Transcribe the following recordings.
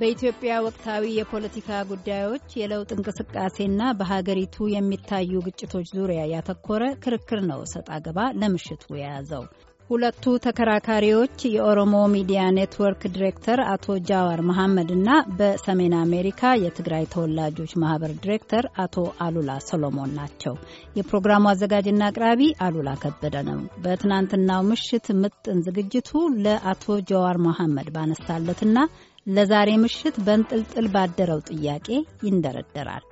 በኢትዮጵያ ወቅታዊ የፖለቲካ ጉዳዮች የለውጥ እንቅስቃሴና በሀገሪቱ የሚታዩ ግጭቶች ዙሪያ ያተኮረ ክርክር ነው ሰጥ አገባ ለምሽቱ የያዘው። ሁለቱ ተከራካሪዎች የኦሮሞ ሚዲያ ኔትወርክ ዲሬክተር አቶ ጃዋር መሐመድ እና በሰሜን አሜሪካ የትግራይ ተወላጆች ማህበር ዲሬክተር አቶ አሉላ ሰሎሞን ናቸው። የፕሮግራሙ አዘጋጅና አቅራቢ አሉላ ከበደ ነው። በትናንትናው ምሽት ምጥን ዝግጅቱ ለአቶ ጃዋር መሐመድ ባነሳለትና ለዛሬ ምሽት በንጥልጥል ባደረው ጥያቄ ይንደረደራል።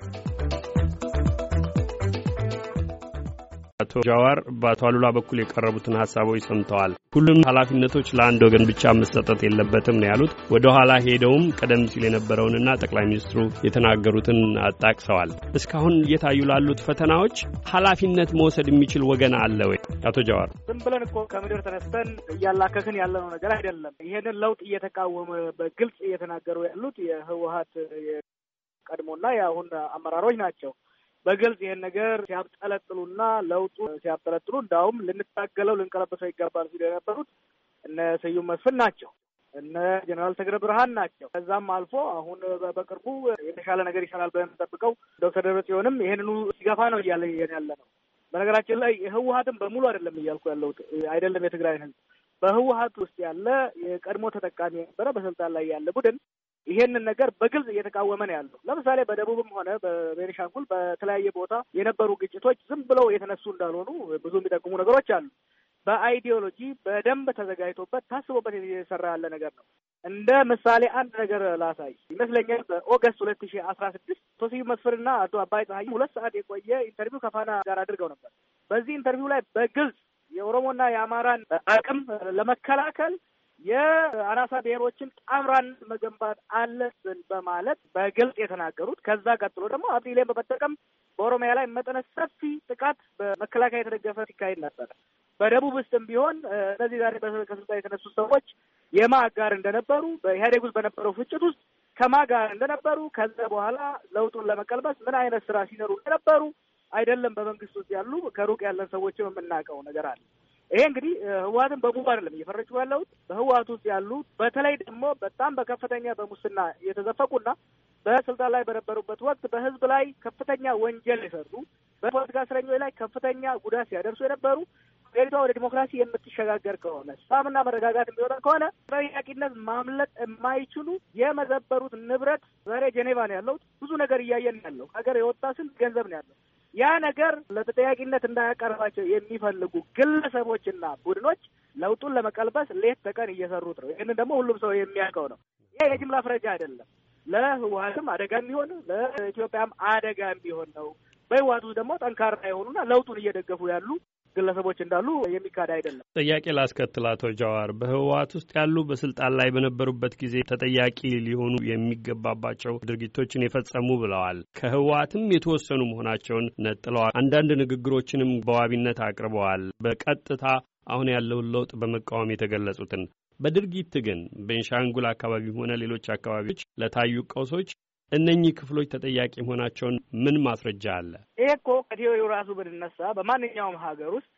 አቶ ጃዋር በአቶ አሉላ በኩል የቀረቡትን ሀሳቦች ሰምተዋል። ሁሉም ኃላፊነቶች ለአንድ ወገን ብቻ መሰጠት የለበትም ነው ያሉት። ወደ ኋላ ሄደውም ቀደም ሲል የነበረውንና ጠቅላይ ሚኒስትሩ የተናገሩትን አጣቅሰዋል። እስካሁን እየታዩ ላሉት ፈተናዎች ኃላፊነት መውሰድ የሚችል ወገን አለ ወይ? አቶ ጃዋር ዝም ብለን እኮ ከምድር ተነስተን እያላከክን ያለነው ነገር አይደለም። ይሄንን ለውጥ እየተቃወመ በግልጽ እየተናገሩ ያሉት የህወሀት ቀድሞና የአሁን አመራሮች ናቸው። በግልጽ ይሄን ነገር ሲያብጠለጥሉና ለውጡ ሲያብጠለጥሉ እንዳውም ልንታገለው ልንቀለበሰው ይገባል ሲሉ የነበሩት እነ ስዩም መስፍን ናቸው። እነ ጀኔራል ተግረ ብርሃን ናቸው። ከዛም አልፎ አሁን በቅርቡ የተሻለ ነገር ይሰራል ብለን ጠብቀው ዶክተር ጽዮንም ይሄንኑ ሲገፋ ነው እያለ ያለ ነው። በነገራችን ላይ ህወሀትን በሙሉ አይደለም እያልኩ ያለሁት አይደለም የትግራይን ህዝብ በህወሀት ውስጥ ያለ የቀድሞ ተጠቃሚ የነበረ በስልጣን ላይ ያለ ቡድን ይሄንን ነገር በግልጽ እየተቃወመ ነው ያለው። ለምሳሌ በደቡብም ሆነ በቤኒሻንጉል በተለያየ ቦታ የነበሩ ግጭቶች ዝም ብለው የተነሱ እንዳልሆኑ ብዙ የሚጠቁሙ ነገሮች አሉ። በአይዲዮሎጂ በደንብ ተዘጋጅቶበት ታስቦበት የተሰራ ያለ ነገር ነው። እንደ ምሳሌ አንድ ነገር ላሳይ ይመስለኛል። በኦገስት ሁለት ሺ አስራ ስድስት ቶስዩ መስፍንና አቶ አባይ ፀሐይ ሁለት ሰዓት የቆየ ኢንተርቪው ከፋና ጋር አድርገው ነበር። በዚህ ኢንተርቪው ላይ በግልጽ የኦሮሞና የአማራን አቅም ለመከላከል የአናሳ ብሔሮችን ጣምራን መገንባት አለብን በማለት በግልጽ የተናገሩት። ከዛ ቀጥሎ ደግሞ አብዲሌን በመጠቀም በኦሮሚያ ላይ መጠነ ሰፊ ጥቃት በመከላከያ የተደገፈ ሲካሄድ ነበር። በደቡብ ውስጥም ቢሆን እነዚህ ዛሬ ከስልጣን የተነሱ ሰዎች የማ አጋር እንደነበሩ በኢህአዴግ ውስጥ በነበረው ፍጭት ውስጥ ከማ ጋር እንደነበሩ ከዛ በኋላ ለውጡን ለመቀልበስ ምን አይነት ስራ ሲኖሩ እንደነበሩ አይደለም በመንግስት ውስጥ ያሉ ከሩቅ ያለን ሰዎችም የምናውቀው ነገር አለ። ይሄ እንግዲህ ህወሀትን በሙሉ አይደለም እየፈረጅኩ ያለሁት በህወሀት ውስጥ ያሉ በተለይ ደግሞ በጣም በከፍተኛ በሙስና የተዘፈቁና በስልጣን ላይ በነበሩበት ወቅት በህዝብ ላይ ከፍተኛ ወንጀል የሰሩ በፖለቲካ እስረኞች ላይ ከፍተኛ ጉዳት ሲያደርሱ የነበሩ ሀገሪቷ ወደ ዲሞክራሲ የምትሸጋገር ከሆነ ሰላምና መረጋጋት የሚወጣ ከሆነ ተጠያቂነት ማምለጥ የማይችሉ የመዘበሩት ንብረት ዛሬ ጄኔቫ ነው ያለሁት። ብዙ ነገር እያየን ያለው ሀገር የወጣ ስንት ገንዘብ ነው ያለው ያ ነገር ለተጠያቂነት እንዳያቀርባቸው የሚፈልጉ ግለሰቦችና ቡድኖች ለውጡን ለመቀልበስ ሌት ተቀን እየሰሩት ነው። ይህንን ደግሞ ሁሉም ሰው የሚያውቀው ነው። ይሄ የጅምላ ፍረጃ አይደለም። ለህወሀትም አደጋ የሚሆን ለኢትዮጵያም አደጋ የሚሆን ነው። በህወሓት ውስጥ ደግሞ ጠንካራ የሆኑና ለውጡን እየደገፉ ያሉ ግለሰቦች እንዳሉ የሚካድ አይደለም። ጥያቄ ላስከትል። አቶ ጃዋር በህወሓት ውስጥ ያሉ በስልጣን ላይ በነበሩበት ጊዜ ተጠያቂ ሊሆኑ የሚገባባቸው ድርጊቶችን የፈጸሙ ብለዋል። ከህወሓትም የተወሰኑ መሆናቸውን ነጥለዋል። አንዳንድ ንግግሮችንም በዋቢነት አቅርበዋል። በቀጥታ አሁን ያለውን ለውጥ በመቃወም የተገለጹትን በድርጊት ግን ቤንሻንጉል አካባቢም ሆነ ሌሎች አካባቢዎች ለታዩ ቀውሶች እነኚህ ክፍሎች ተጠያቂ መሆናቸውን ምን ማስረጃ አለ? ይሄ እኮ ከቴዎሪው ራሱ ብንነሳ በማንኛውም ሀገር ውስጥ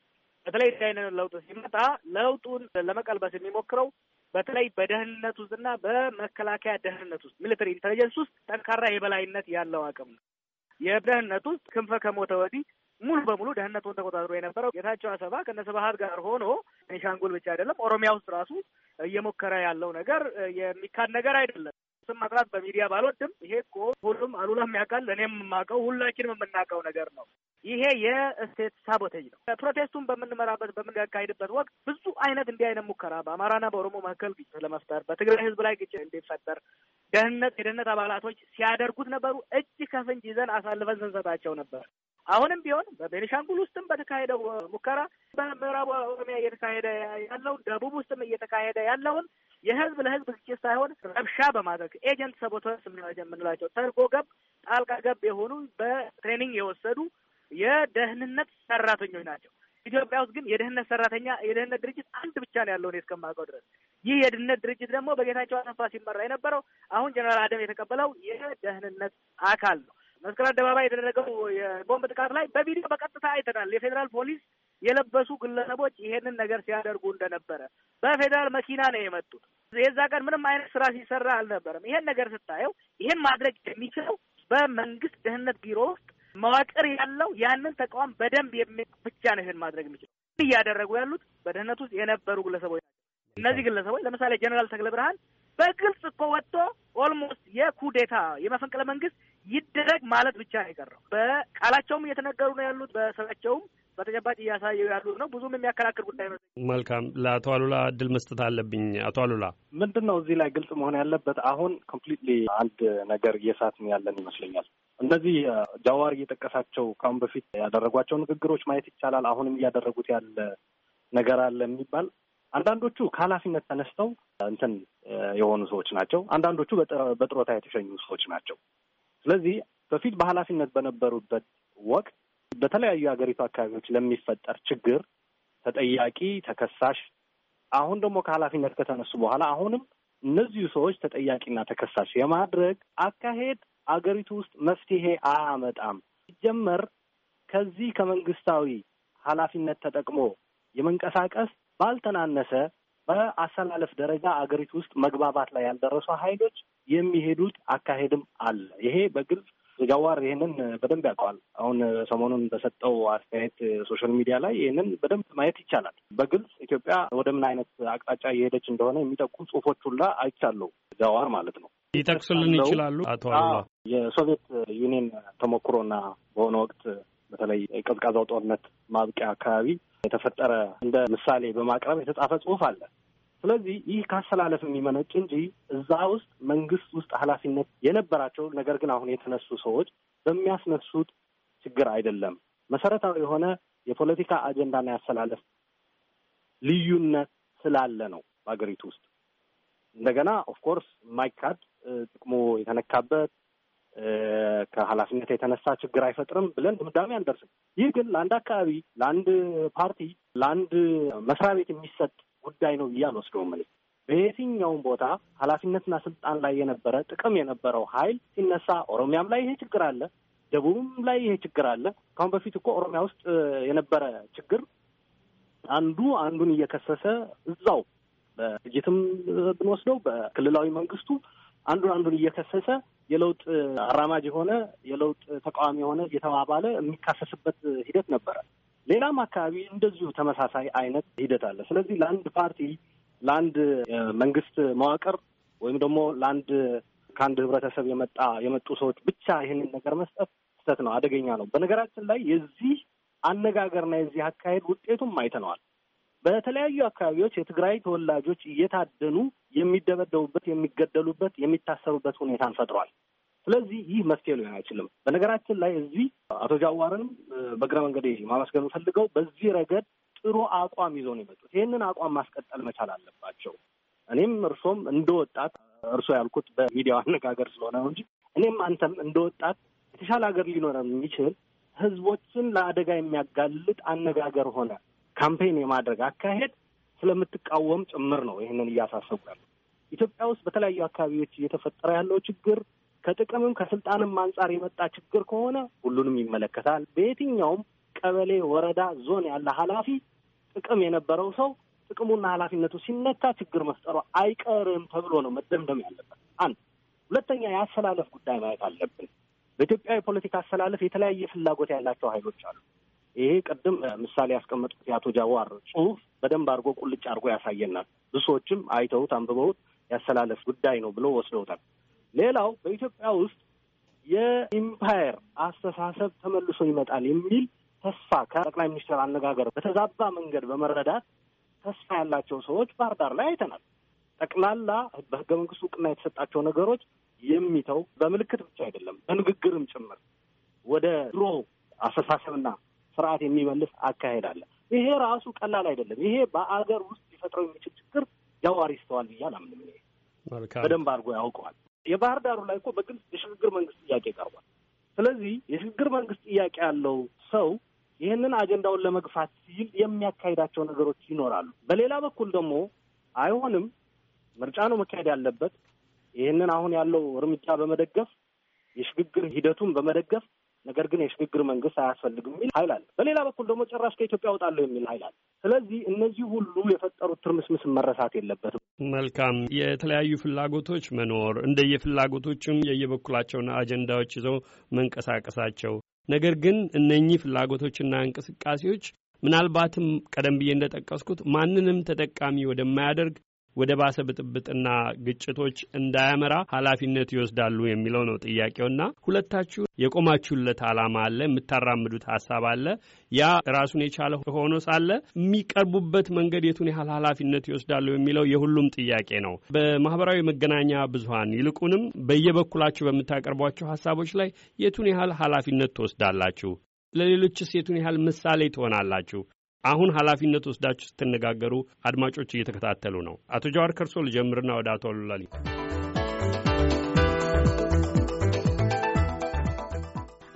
በተለይ ዳይነ ለውጥ ሲመጣ ለውጡን ለመቀልበስ የሚሞክረው በተለይ በደህንነት ውስጥ እና በመከላከያ ደህንነት ውስጥ ሚሊተሪ ኢንቴሊጀንስ ውስጥ ጠንካራ የበላይነት ያለው አቅም ነው። የደህንነት ውስጥ ክንፈ ከሞተ ወዲህ ሙሉ በሙሉ ደህንነቱን ተቆጣጥሮ የነበረው ጌታቸው አሰፋ ከነስብሀት ጋር ሆኖ ሻንጉል ብቻ አይደለም ኦሮሚያ ውስጥ ራሱ እየሞከረ ያለው ነገር የሚካድ ነገር አይደለም። ስም መጥራት በሚዲያ ባልወድም ይሄ እኮ ሁሉም አሉላ ያውቃል፣ እኔም የማውቀው ሁላችንም የምናውቀው ነገር ነው። ይሄ የእስቴት ሳቦቴጅ ነው። ፕሮቴስቱን በምንመራበት በምናካሄድበት ወቅት ብዙ አይነት እንዲህ አይነት ሙከራ በአማራና በኦሮሞ መካከል ግጭት ለመፍጠር በትግራይ ህዝብ ላይ ግጭት እንዲፈጠር ደህንነት የደህንነት አባላቶች ሲያደርጉት ነበሩ። እጅ ከፍንጅ ይዘን አሳልፈን ስንሰጣቸው ነበር። አሁንም ቢሆን በቤኒሻንጉል ውስጥም በተካሄደው ሙከራ በምዕራብ ኦሮሚያ እየተካሄደ ያለውን ደቡብ ውስጥም እየተካሄደ ያለውን የህዝብ ለህዝብ ግጭት ሳይሆን ረብሻ በማድረግ ኤጀንት ሰቦተስ የምንላቸው ሰርጎ ገብ ጣልቃ ገብ የሆኑ በትሬኒንግ የወሰዱ የደህንነት ሰራተኞች ናቸው። ኢትዮጵያ ውስጥ ግን የደህንነት ሰራተኛ የደህንነት ድርጅት አንድ ብቻ ነው ያለው እኔ እስከማውቀው ድረስ። ይህ የደህንነት ድርጅት ደግሞ በጌታቸው አሰፋ ሲመራ የነበረው አሁን ጀነራል አደም የተቀበለው የደህንነት አካል ነው። መስቀል አደባባይ የተደረገው የቦምብ ጥቃት ላይ በቪዲዮ በቀጥታ አይተናል። የፌዴራል ፖሊስ የለበሱ ግለሰቦች ይሄንን ነገር ሲያደርጉ እንደነበረ በፌዴራል መኪና ነው የመጡት። የዛ ቀን ምንም አይነት ስራ ሲሰራ አልነበረም። ይሄን ነገር ስታየው ይሄን ማድረግ የሚችለው በመንግስት ደህንነት ቢሮ ውስጥ መዋቅር ያለው ያንን ተቃዋም በደንብ ብቻ ነው ይሄን ማድረግ የሚችለው። እያደረጉ ያሉት በደህንነት ውስጥ የነበሩ ግለሰቦች ናቸው። እነዚህ ግለሰቦች ለምሳሌ ጀኔራል ተክለ ብርሃን በግልጽ እኮ ወጥቶ ኦልሞስት የኩዴታ የመፈንቅለ መንግስት ይደረግ ማለት ብቻ ነው የቀረው። በቃላቸውም እየተነገሩ ነው ያሉት፣ በስራቸውም በተጨባጭ እያሳየው ያሉ ነው። ብዙም የሚያከራክር ጉዳይ ነው። መልካም፣ ለአቶ አሉላ እድል መስጠት አለብኝ። አቶ አሉላ ምንድን ነው እዚህ ላይ ግልጽ መሆን ያለበት? አሁን ኮምፕሊትሊ አንድ ነገር እየሳትን ያለን ይመስለኛል። እነዚህ ጃዋር እየጠቀሳቸው ከአሁን በፊት ያደረጓቸው ንግግሮች ማየት ይቻላል። አሁንም እያደረጉት ያለ ነገር አለ የሚባል አንዳንዶቹ ከኃላፊነት ተነስተው እንትን የሆኑ ሰዎች ናቸው። አንዳንዶቹ በጥሮታ የተሸኙ ሰዎች ናቸው። ስለዚህ በፊት በኃላፊነት በነበሩበት ወቅት በተለያዩ የሀገሪቱ አካባቢዎች ለሚፈጠር ችግር ተጠያቂ ተከሳሽ፣ አሁን ደግሞ ከኃላፊነት ከተነሱ በኋላ አሁንም እነዚሁ ሰዎች ተጠያቂና ተከሳሽ የማድረግ አካሄድ አገሪቱ ውስጥ መፍትሄ አያመጣም። ሲጀመር ከዚህ ከመንግስታዊ ኃላፊነት ተጠቅሞ የመንቀሳቀስ ባልተናነሰ በአሰላለፍ ደረጃ አገሪቱ ውስጥ መግባባት ላይ ያልደረሱ ኃይሎች የሚሄዱት አካሄድም አለ። ይሄ በግልጽ ጃዋር ይህንን በደንብ ያውቀዋል። አሁን ሰሞኑን በሰጠው አስተያየት ሶሻል ሚዲያ ላይ ይህንን በደንብ ማየት ይቻላል። በግልጽ ኢትዮጵያ ወደ ምን አይነት አቅጣጫ እየሄደች እንደሆነ የሚጠቁም ጽሁፎች ሁላ አይቻለሁ። ጃዋር ማለት ነው። ይጠቅሱልን ይችላሉ አቶ የሶቪየት ዩኒየን ተሞክሮና በሆነ ወቅት በተለይ የቀዝቃዛው ጦርነት ማብቂያ አካባቢ የተፈጠረ እንደ ምሳሌ በማቅረብ የተጻፈ ጽሁፍ አለ። ስለዚህ ይህ ከአሰላለፍ የሚመነጭ እንጂ እዛ ውስጥ መንግስት ውስጥ ኃላፊነት የነበራቸው ነገር ግን አሁን የተነሱ ሰዎች በሚያስነሱት ችግር አይደለም። መሰረታዊ የሆነ የፖለቲካ አጀንዳና ያሰላለፍ ልዩነት ስላለ ነው በሀገሪቱ ውስጥ እንደገና ኦፍኮርስ ማይካድ ጥቅሞ የተነካበት ከኃላፊነት የተነሳ ችግር አይፈጥርም ብለን ድምዳሜ አንደርስም። ይህ ግን ለአንድ አካባቢ፣ ለአንድ ፓርቲ፣ ለአንድ መስሪያ ቤት የሚሰጥ ጉዳይ ነው ብዬ አልወስደውም። እኔ በየትኛውም ቦታ ኃላፊነትና ስልጣን ላይ የነበረ ጥቅም የነበረው ኃይል ሲነሳ ኦሮሚያም ላይ ይሄ ችግር አለ፣ ደቡብም ላይ ይሄ ችግር አለ። ካሁን በፊት እኮ ኦሮሚያ ውስጥ የነበረ ችግር አንዱ አንዱን እየከሰሰ እዛው በድርጅትም ብንወስደው በክልላዊ መንግስቱ አንዱን አንዱን እየከሰሰ የለውጥ አራማጅ የሆነ የለውጥ ተቃዋሚ የሆነ እየተባባለ የሚካሰስበት ሂደት ነበረ። ሌላም አካባቢ እንደዚሁ ተመሳሳይ አይነት ሂደት አለ። ስለዚህ ለአንድ ፓርቲ ለአንድ መንግስት መዋቅር ወይም ደግሞ ለአንድ ከአንድ ህብረተሰብ የመጣ የመጡ ሰዎች ብቻ ይህንን ነገር መስጠት ስህተት ነው፣ አደገኛ ነው። በነገራችን ላይ የዚህ አነጋገርና የዚህ አካሄድ ውጤቱም አይተነዋል። በተለያዩ አካባቢዎች የትግራይ ተወላጆች እየታደኑ የሚደበደቡበት፣ የሚገደሉበት፣ የሚታሰሩበት ሁኔታን ፈጥሯል። ስለዚህ ይህ መፍትሄ ሊሆን አይችልም። በነገራችን ላይ እዚህ አቶ ጃዋርንም በእግረ መንገድ ማመስገን ፈልገው በዚህ ረገድ ጥሩ አቋም ይዘው ነው የመጡት። ይህንን አቋም ማስቀጠል መቻል አለባቸው። እኔም እርሶም እንደ ወጣት እርሶ ያልኩት በሚዲያው አነጋገር ስለሆነ ነው እንጂ እኔም አንተም እንደ ወጣት የተሻለ ሀገር ሊኖረ የሚችል ህዝቦችን ለአደጋ የሚያጋልጥ አነጋገር ሆነ ካምፔን የማድረግ አካሄድ ስለምትቃወም ጭምር ነው ይህንን እያሳሰቡ ያሉ። ኢትዮጵያ ውስጥ በተለያዩ አካባቢዎች እየተፈጠረ ያለው ችግር ከጥቅምም ከስልጣንም አንጻር የመጣ ችግር ከሆነ ሁሉንም ይመለከታል። በየትኛውም ቀበሌ፣ ወረዳ፣ ዞን ያለ ኃላፊ ጥቅም የነበረው ሰው ጥቅሙና ኃላፊነቱ ሲነካ ችግር መፍጠሩ አይቀርም ተብሎ ነው መደምደም ያለበት። አንድ ሁለተኛ የአሰላለፍ ጉዳይ ማየት አለብን። በኢትዮጵያ የፖለቲካ አሰላለፍ የተለያየ ፍላጎት ያላቸው ኃይሎች አሉ። ይሄ ቅድም ምሳሌ ያስቀመጡት የአቶ ጃዋር ጽሁፍ በደንብ አድርጎ ቁልጭ አድርጎ ያሳየናል። ብሶዎችም አይተውት አንብበውት ያሰላለፍ ጉዳይ ነው ብለው ወስደውታል። ሌላው በኢትዮጵያ ውስጥ የኢምፓየር አስተሳሰብ ተመልሶ ይመጣል የሚል ተስፋ ከጠቅላይ ሚኒስትር አነጋገር በተዛባ መንገድ በመረዳት ተስፋ ያላቸው ሰዎች ባህር ዳር ላይ አይተናል። ጠቅላላ በህገ መንግስቱ እውቅና የተሰጣቸው ነገሮች የሚተው በምልክት ብቻ አይደለም፣ በንግግርም ጭምር ወደ ድሮ አስተሳሰብና ስርዓት የሚመልስ አካሄድ አለ። ይሄ ራሱ ቀላል አይደለም። ይሄ በአገር ውስጥ ሊፈጥረው የሚችል ችግር ያዋር ይስተዋል ብያል አምንም በደንብ አድርጎ ያውቀዋል። የባህር ዳሩ ላይ እኮ በግልጽ የሽግግር መንግስት ጥያቄ ቀርቧል። ስለዚህ የሽግግር መንግስት ጥያቄ ያለው ሰው ይህንን አጀንዳውን ለመግፋት ሲል የሚያካሂዳቸው ነገሮች ይኖራሉ። በሌላ በኩል ደግሞ አይሆንም፣ ምርጫ ነው መካሄድ ያለበት፣ ይህንን አሁን ያለው እርምጃ በመደገፍ የሽግግር ሂደቱን በመደገፍ ነገር ግን የሽግግር መንግስት አያስፈልግም የሚል ሀይል አለ። በሌላ በኩል ደግሞ ጭራሽ ከኢትዮጵያ እወጣለሁ የሚል ሀይል አለ። ስለዚህ እነዚህ ሁሉ የፈጠሩት ትርምስምስ መረሳት የለበትም። መልካም የተለያዩ ፍላጎቶች መኖር እንደየፍላጎቶችም የየበኩላቸውን አጀንዳዎች ይዘው መንቀሳቀሳቸው ነገር ግን እነኚህ ፍላጎቶችና እንቅስቃሴዎች ምናልባትም ቀደም ብዬ እንደጠቀስኩት ማንንም ተጠቃሚ ወደማያደርግ ወደ ባሰ ብጥብጥና ግጭቶች እንዳያመራ ኃላፊነት ይወስዳሉ የሚለው ነው ጥያቄውና ሁለታችሁ የቆማችሁለት ዓላማ አለ፣ የምታራምዱት ሀሳብ አለ። ያ ራሱን የቻለ ሆኖ ሳለ የሚቀርቡበት መንገድ የቱን ያህል ኃላፊነት ይወስዳሉ የሚለው የሁሉም ጥያቄ ነው። በማህበራዊ መገናኛ ብዙሀን ይልቁንም በየበኩላችሁ በምታቀርቧቸው ሀሳቦች ላይ የቱን ያህል ኃላፊነት ትወስዳላችሁ? ለሌሎችስ የቱን ያህል ምሳሌ ትሆናላችሁ? አሁን ኃላፊነት ወስዳችሁ ስትነጋገሩ አድማጮች እየተከታተሉ ነው። አቶ ጀዋር ከርሶ ልጀምርና ወደ አቶ አሉላ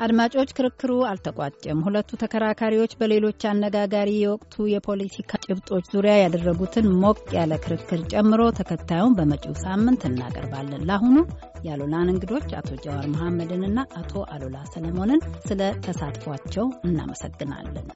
አድማጮች ክርክሩ አልተቋጨም። ሁለቱ ተከራካሪዎች በሌሎች አነጋጋሪ የወቅቱ የፖለቲካ ጭብጦች ዙሪያ ያደረጉትን ሞቅ ያለ ክርክር ጨምሮ ተከታዩን በመጪው ሳምንት እናቀርባለን። ለአሁኑ ያሉላን እንግዶች አቶ ጀዋር መሐመድንና አቶ አሉላ ሰለሞንን ስለ ተሳትፏቸው እናመሰግናለን።